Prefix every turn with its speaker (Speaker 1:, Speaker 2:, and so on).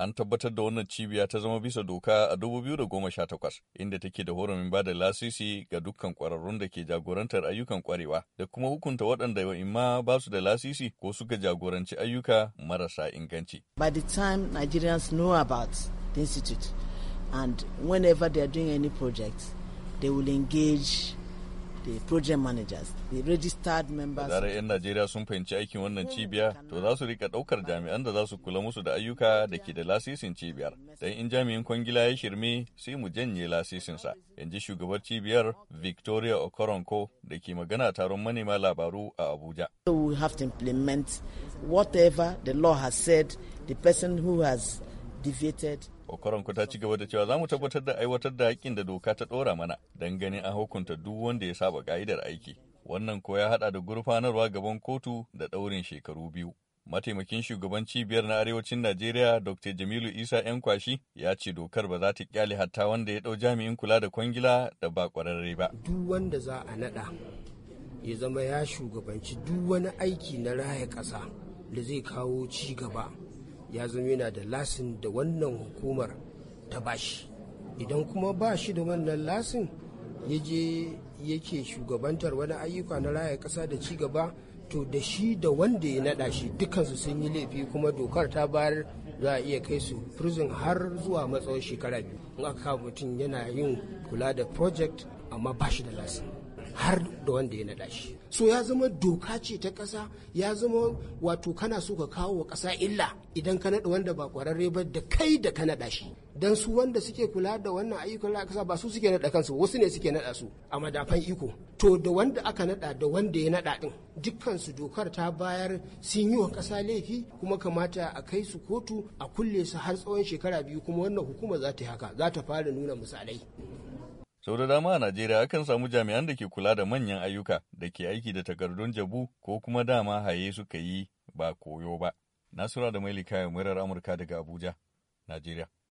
Speaker 1: an tabbatar da wannan cibiya ta zama bisa doka a 2018 inda take da horumin ba da lasisi ga dukkan kwararrun da ke jagorantar ayyukan kwarewa da kuma hukunta waɗanda imma ba su da lasisi ko suka jagoranci ayyuka marasa inganci.
Speaker 2: By the time Nigerians know about the institute and whenever they are doing any project, they will engage the project managers, the registered members. Da 'yan
Speaker 1: Najeriya sun fahimci aikin wannan cibiya, to za su rika ɗaukar jami'an da za su kula musu da ayyuka da ke da lasisin cibiyar. Dan in jami'in kwangila ya shirme sai mu janye lasisinsa. Yanzu shugabar cibiyar Victoria Okoronko da ke magana taron manema labaru a Abuja.
Speaker 2: So we have to implement whatever the law has said, the person who has deviated
Speaker 1: Okoronko ta ci gaba da cewa za mu tabbatar da aiwatar da haƙƙin da doka ta ɗora mana don ganin an hukunta duk wanda ya saba ka'idar aiki. Wannan ko ya haɗa da gurfanarwa gaban kotu da ɗaurin shekaru biyu. Mataimakin shugaban cibiyar na Arewacin Najeriya Dr. Jamilu Isa yan kwashi ya ce dokar ba za ta kyale hatta wanda ya ɗau jami'in kula da kwangila da ba ƙwararre ba.
Speaker 3: Duk wanda za a naɗa ya zama ya shugabanci duk wani aiki na raya ƙasa da zai kawo ci gaba ya zama yana da lasin da wannan hukumar ta bashi idan kuma ba shi da wannan lasin ya je yake shugabantar wani ayyuka na raya ƙasa da ci gaba to da shi da wanda ya naɗa shi dukansu sun yi laifi kuma dokar ta bayar za a iya kai su prison har zuwa matsawar shekara biyu in aka mutum yana yin kula da project amma ba shi da lasin har da wanda ya naɗa shi so ya zama doka ce ta ƙasa ya zama wato kana so ka kawo wa ƙasa illa idan ka naɗa wanda ba ƙwararre ba da kai da ka naɗa shi dan su wanda suke kula da wannan ayyukan na ƙasa ba su suke naɗa kansu wasu ne suke nada su a madafan iko to da wanda aka naɗa da wanda ya naɗa ɗin dukkansu dokar ta bayar sun yi wa ƙasa laifi kuma kamata a kai su kotu a kulle su har tsawon shekara biyu kuma wannan hukuma za ta yi haka za ta fara nuna misalai
Speaker 1: Sau da dama a Najeriya akan samu jami'an da ke kula da manyan ayyuka da ke aiki da takardun jabu ko kuma dama haye suka yi ba koyo ba. Nasura da mai Mailika murar Amurka daga Abuja, Najeriya.